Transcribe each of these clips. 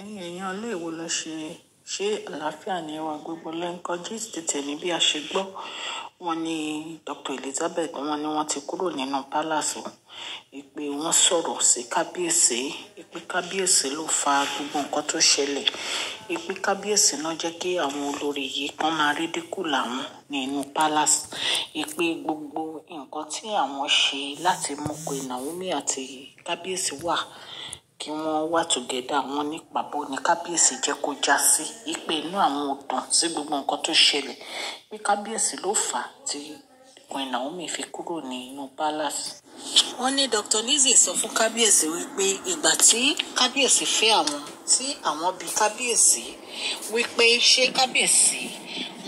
ẹ̀yin èèyàn ilé ìwò lọ ṣe ṣé àlàáfíà ni ẹwà gbogbo lẹ́ńkọ́ gist tẹ̀lé bí a ṣe gbọ́ wọ́n ní Dr Elizabeth wọ́n ni wọ́n ti kúrò nínú palace o ìpè wọ́n sọ̀rọ̀ sí kábíyèsí ìpè kábíyèsí ló fa gbogbo nǹkan tó ṣẹlẹ̀ ìpè kábíyèsí náà jẹ́ kí àwọn olórí yìí kan máa rí dínkù làwọn nínú palace ìpè gbogbo nǹkan tí àwọn ṣe láti mú pé Naomi àti kábíyèsí wà kí wọ́n wà tògẹ́dà wọn ní pàbó ní kábíyèsí jẹ́ kó já sí ipe inú àwọn ò dùn sí gbogbo nǹkan tó ṣẹlẹ̀ pé kábíyèsí ló fà á tí Queen Naomi fi kúrò ní inú palace. wọ́n ní Dr. Lizzie sọ fún kábíyèsí wípé ìgbà tí kábíyèsí fẹ́ àwọn tí àwọn bí kábíyèsí wípé ṣé kábíyèsí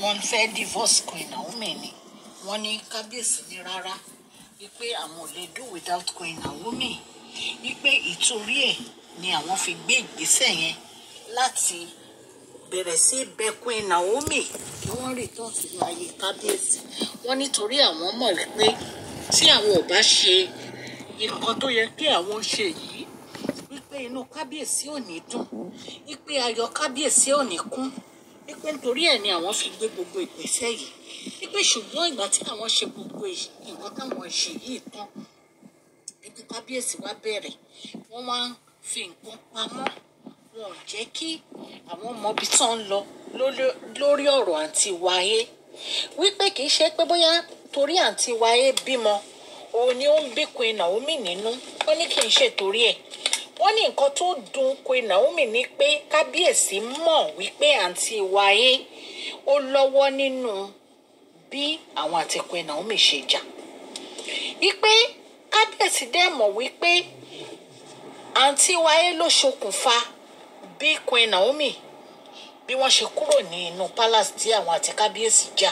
wọ́n fẹ́ divorce Queen Naomi ni wọ́n ní kábíyèsí ní rárá wípé àwọn ò lè do without Queen Naomi wípé ìtorí ẹ̀ ni àwọn fi gbé ìgbésẹ̀ yẹn láti bẹ̀rẹ̀ sí bẹ̀kún Naomi kí wọ́n rí tó ti lọ ayé kábíyèsí wọ́n nítorí àwọn mọ̀ wípé tí àwọn ò bá ṣe nǹkan tó yẹ kí àwọn ṣe yìí wípé inú kábíyèsí ò ní dùn wípé ayọ̀ kábíyèsí ò ní kún wípé nítorí ẹ̀ ni àwọn fi gbé gbogbo ìgbésẹ̀ yìí wípé ṣùgbọ́n ìgbà tí àwọn ṣe gbogbo nǹkan táwọn ṣe yìí tán títí kábíyèsí wá bẹ̀rẹ̀ wọ́n wá ń fi nǹkan pamọ́ wọn ò jẹ́ kí àwọn ọmọbi tán ń lọ lórí ọ̀rọ̀ àǹtí wáyé wípé kì í ṣe pé bóyá torí àǹtí wáyé bímọ òun ni ó ń bí Queen Naomi nínú wọ́n ní kì í ṣe torí ẹ̀ wọ́n ní nǹkan tó dùn Queen Naomi ni pé kábíyèsí mọ̀ wípé àǹtí wáyé ó lọ́wọ́ nínú bí àwọn àti Queen ṣe jà wípé kábíyèsí dẹ̀ mọ̀ wípé àǹtí wáyé ló ṣokùnfà bí Queen Naomi bí wọ́n ṣe kúrò ní inú palace tí àwọn àti kábíyèsí jà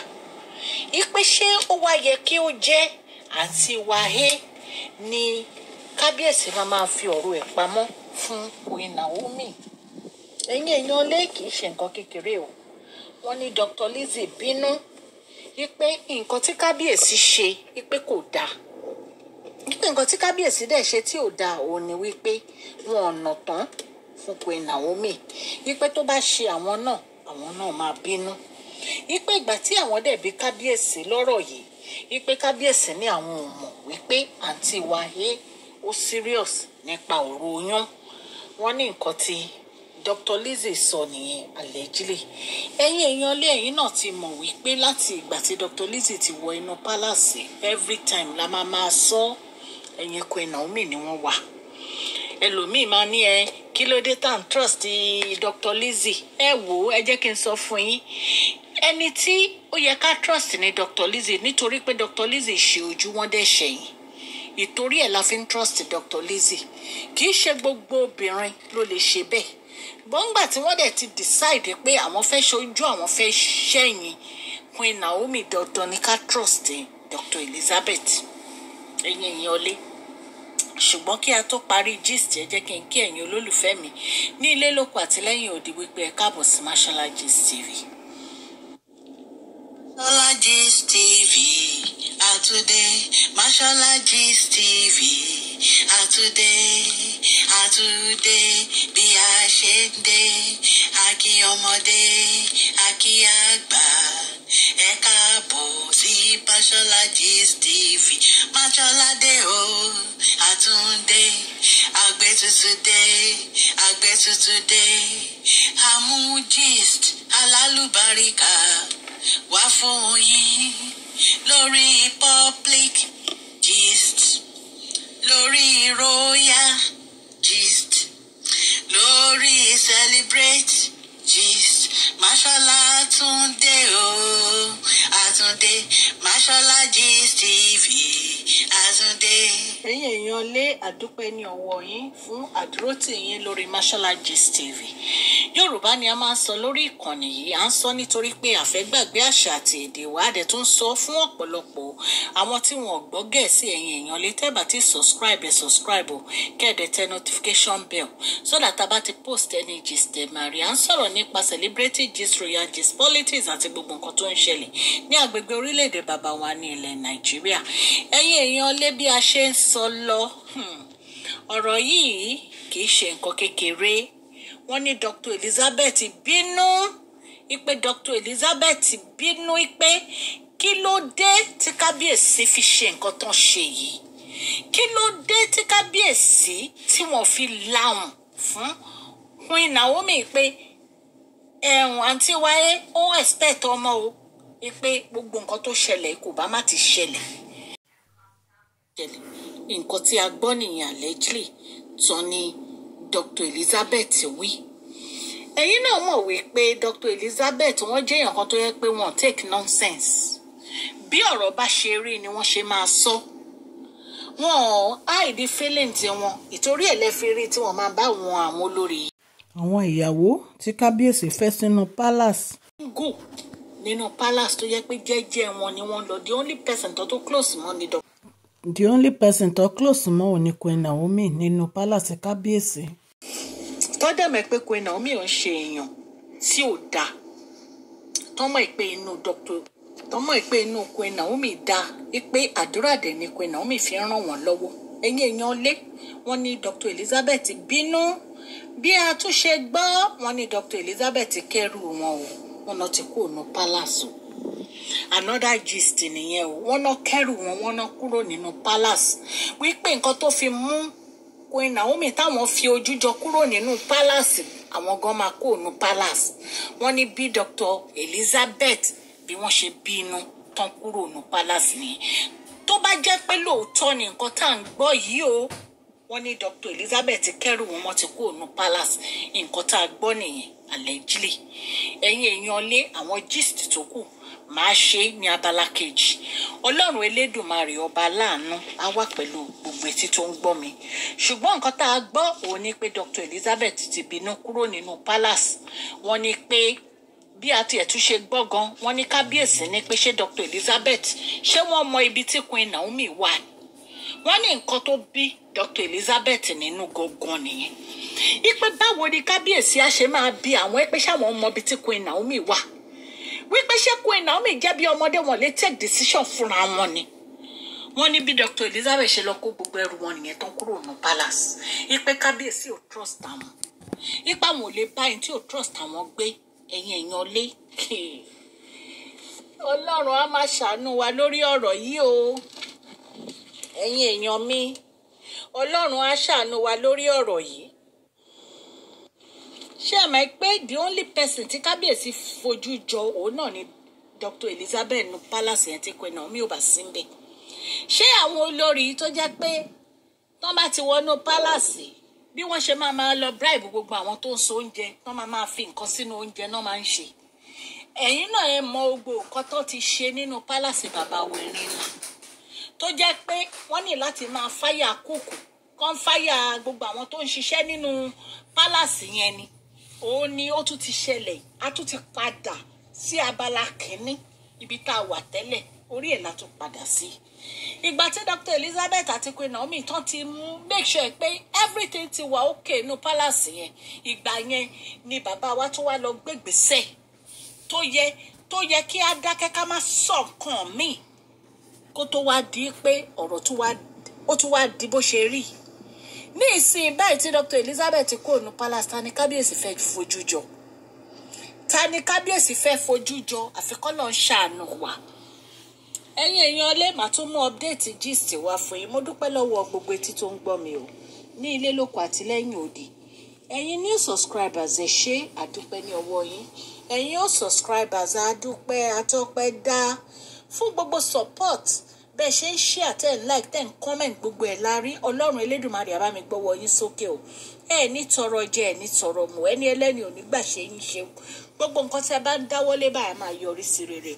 ipe ṣé ó wá yẹ kí ó jẹ́ àǹtí wáyé ni kábíyèsí máa máa fi ọ̀rọ̀ ẹ̀ pamọ́ fún Queen Naomi ẹ̀yin èèyàn lé kìí ṣe nǹkan kékeré o wọ́n ní Dr. Lizzie bínú wípé nǹkan tí kábíyèsí ṣe wípé kò dáa nǹkan tí kábíyèsí dẹ̀ ṣe tí ò dáa òun ni wípé wọn ọ̀nà tán fún Queen Naomi wípé tó bá ṣe àwọn náà àwọn náà máa bínú wípé ìgbà tí àwọn dẹ̀ bi kábíyèsí lọ́rọ̀ yìí wípé kábíyèsí ní àwọn ò mọ̀ wípé àǹtí wa hé ó serious nípa ọ̀rọ̀ oyún wọ́n ní nǹkan tí Dr. Lizzie sọ nìyẹn allegedly ẹ̀yin èèyàn ilé ẹ̀yin náà ti mọ̀ wípé láti ìgbà tí Dr. Lizzie ti wọ inú palace every time la máa máa sọ ọ́ ẹ̀yìn Queen Naomi ni wọ́n wà ẹlòmíì máa ní ẹ kí ló dé tan trust Dr. Lizzie ẹ wò ó ẹ jẹ́ kí n sọ fún yín ẹni tí ó yẹ ká trust ni Dr. Lizzie nítorí pé Dr. Lizzie ṣe ojú wọn dẹ̀ ṣẹ̀yìn ìtorí ẹ̀ la fi ń trust Dr. Lizzie kì í ṣe gbogbo obìnrin ló lè ṣe bẹ́ẹ̀ gbọ́ngbà tí wọ́n dẹ̀ ti decide pé àwọn fẹ́ ṣojú àwọn fẹ́ ṣẹ̀yìn Queen Naomi dandan ni ká trust Dr. Elizabeth ẹ̀yin ẹ̀yin ṣùgbọ́n kí a tó parí gist ẹ jẹ́ kí n kí ẹ̀yin olólùfẹ́ mi ní ilé lóko àtìlẹ́yìn òde wípé ẹ káàbọ̀ sí Mashola Gist TV. Mashola Gist TV àtúndé Mashola Gist TV àtúndé àtúndé bí a ṣe ń dé a kí ọmọdé a kí àgbà ẹ káàbọ̀ sí Mashola Gist TV Mashola dé o tuntun dé àgbẹ̀ tuntun dé àgbẹ̀ tuntun dé àmú gist alálùbáríkà wá fún yín lórí public gist lórí royal gist lórí celebrate gist mashola tún oh, o àtúndé mashola gist tv. Babátúndé. ẹ̀yin èèyàn lé àdúpẹ́ ní ọwọ́ yín fún àdúrótì yín lórí Mashola Gist TV yorùbá ni a máa ń sọ lórí ìkànnì yìí à ń sọ nítorí pé àfẹ́gbàgbé àṣà àti èdè wa dẹ̀ tún sọ fún ọ̀pọ̀lọpọ̀ àwọn tí wọn gbọ́ gẹ̀ẹ́sì ẹ̀yin èèyàn lé tẹ́bà tí subscribe ẹ̀ subscribe o kẹ́ẹ̀dẹ̀ tẹ notification bell so that tá a bá ti post ẹni gist ẹ̀ máa rí à ń sọ̀rọ̀ nípa celebrity gist royal gist politics àti gbogbo nǹkan tó ń ṣẹlẹ̀ ní agbègbè orílẹ̀-èdè bàbá wa ní ilẹ̀ nàìjíríà ẹ̀yin èèyàn l nílé bí a ṣe ń sọ lọ hmm, ọ̀rọ̀ yìí kì í ṣe nǹkan kékeré wọ́n ní Dr. Elizabeth bínú ipe Dr. Elizabeth bínú ipe kí ló dé tí kábíyèsí fi ṣe nǹkan tán ṣe yìí kí ló dé tí kábíyèsí tí wọ́n fi láwọn fún Queen Naomi pé ẹ̀wọ̀n àǹtí wáyé ó expect ọmọ o pé gbogbo nǹkan tó ṣẹlẹ̀ kò bá má ti ṣẹlẹ̀ ṣẹlẹ̀ nǹkan tí a gbọ́ nìyẹn allegedly tán ni Dr. Elizabeth wí ẹ̀yin náà mọ̀ wípé Dr. Elizabeth wọ́n jẹ́ èèyàn kan tó yẹ pé wọ́n take nonsense bí ọ̀rọ̀ bá ṣe rí ni wọ́n ṣe máa sọ wọn ò àìdí fẹ́lẹ̀ǹtì wọn ìtorí ẹ̀ lẹ́fi rí tí wọ́n máa bá wọn àwọn olórí yìí. àwọn ìyàwó tí kábíyèsí fẹ́ sínú palace. gò nínú palace tó yẹ pé jẹ́jẹ́ wọn ni wọ́n lọ the only person tó tó close mọ́ ni Dr the only person tó close mọ́ òun ni Queen Naomi nínú palace kábíyèsí. tó dẹ̀mẹ̀ pé Queen Naomi ò ń ṣe èèyàn tí ò dáa tọ́mọ̀ ìpè inú Dr. tọ́mọ̀ ìpè inú Queen Naomi dáa ìpè àdúrà dẹ̀ ni Queen Naomi fi ń ràn wọ́n lọ́wọ́ ẹ̀yin èèyàn lé wọ́n ní Dr. Elizabeth bínú bí a tún ṣe gbọ́ wọ́n ní Dr. Elizabeth kẹ́rù wọn o wọ́n náà ti kú òun palace o another gist nìyẹn o wọ́n náà kẹ́rù wọn wọ́n náà kúrò nínú palace wípé nǹkan tó fi mú Queen Naomi táwọn fi ojú jọ kúrò nínú palace àwọn gan máa kó ònú palace wọ́n ní bí Dr. Elizabeth bí wọ́n ṣe bí inú tán kúrò ònú palace nìyẹn tó bá jẹ́ pé lóòótọ́ ni nǹkan tá à ń gbọ́ yìí o wọ́n ní Dr. Elizabeth kẹ́rù wọn wọ́n ti kó ònú palace nǹkan tá a gbọ́ nìyẹn allegedly ẹ̀yin èèyàn lé àwọn gist tó kù màá ṣe ní abala kejì ọlọ́run elédùnmarè ọba láàánú á wà pẹ̀lú gbogbo etí tó ń gbọ́ mi ṣùgbọ́n nǹkan tá a gbọ́ òun ni pé Dr. Elizabeth ti bínú kúrò nínú palace wọ́n ní pé bí a tiẹ̀ tún ṣe gbọ́ gan wọ́n ní kábíyèsí ní pé ṣé Dr. Elizabeth ṣé wọ́n mọ ibi tí Queen Naomi wà wọ́n ní nǹkan tó bí Dr. Elizabeth nínú gangan nìyẹn ipe báwo ni kábíyèsí a ṣe máa bí àwọn ẹgbẹ́ sáwọn ọmọ ibi tí Queen Naomi wà wípé ṣé Queen Naomi jẹ́ bí ọmọdé wọn lè take decision fúnra wọn ni wọ́n ní bí Dr Elizabeth ṣe lọ kó gbogbo ẹrù wọn nìyẹn tán kúrò ní palace ipe kábíyèsí ò trust àwọn ipa wọn ò lè bá ẹni tí ò trust àwọn gbé ẹ̀yìn èèyàn lé ọlọ́run á máa ṣàánú wa lórí ọ̀rọ̀ yìí o ẹ̀yin èèyàn mi ọlọ́run á ṣàánú wa lórí ọ̀rọ̀ yìí ṣé ẹ máa pé the only person tí kábíyèsí fojú jọ òun náà ni Dr. Elizabeth nu palace yẹn ti pe náà mi ò bá sí níbẹ̀ ṣé àwọn olórí tó jẹ́ pé tán bá ti wọnú palace bí wọ́n ṣe máa máa lọ bribe gbogbo àwọn tó ń so oúnjẹ tán máa máa fi nǹkan sínú oúnjẹ náà máa ń ṣe ẹ̀yin náà ẹ mọ gbogbo nǹkan tó ti ṣe nínú palace bàbá wẹ̀rin là tó jẹ́ pé wọ́n ní láti máa fáyà kúkù kán fáyà gbogbo àwọn tó ń ṣiṣẹ́ nínú palace yẹn ni òun ni ó tún ti ṣẹlẹ̀ a tún ti padà sí abala kínní ibi tá a wà tẹ́lẹ̀ orí ẹ̀ la tún padà sí. ìgbà tí Dr Elizabeth àti pé Naomi tán ti mú make sure pé everything ti wà okay inú palace yẹn ìgbà yẹn ni bàbá wa tún wá lọ gbégbèsè tó yẹ tó yẹ kí a dákẹ́ ká má sọ nǹkan míì kó tó wá di pé ọ̀rọ̀ ó tún wá di bó ṣe rí ní ìsìn báyìí tí Dr. Elizabeth kò ní palace ta ni kábíyèsí fẹ́ fojú jọ ta ni kábíyèsí fẹ́ fojú jọ àfikọ́lọ̀ ń ṣàánú wa ẹ̀yin èèyàn lè má tún mú update gist wá fún yín mo dúpẹ́ lọ́wọ́ gbogbo etí tó ń gbọ́ mi o ní ilé lóko àti lẹ́yìn òdì new subscribers ẹ ṣé àdúpẹ́ ní ọwọ́ yín ẹ̀yin old subscribers àdúpẹ́ àtọ́pẹ́ dá fún gbogbo support bẹ́ẹ̀ ṣe ń share tẹ́ ń like tẹ́ ń comment gbogbo ẹ̀ la rí ọlọ́run elédùnmarè á bá mi gbọ́wọ́ yín sókè o ẹ ní tọrọ jẹ ẹ ní tọrọ mu ẹni ẹlẹ́ni ò ní gbà ṣe yín ṣe gbogbo nǹkan tẹ́ bá ń dáwọ́lé báyìí máa yọrí sí rere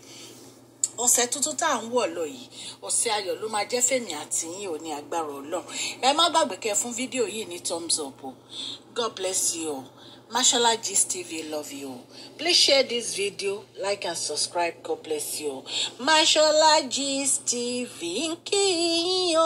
ọ̀sẹ̀ tuntun tá à ń wọ̀ lọ yìí ọ̀sẹ̀ ayọ̀ ló máa jẹ́ fèmí àti yín ò ní agbára ọlọ́run ẹ má gbàgbé kẹ́ fún fídíò yìí ní thumbs up o god bless you all Mashola Gist TV love you. Please share this video, like and subscribe. God bless you. Mashola Gist TV ń kí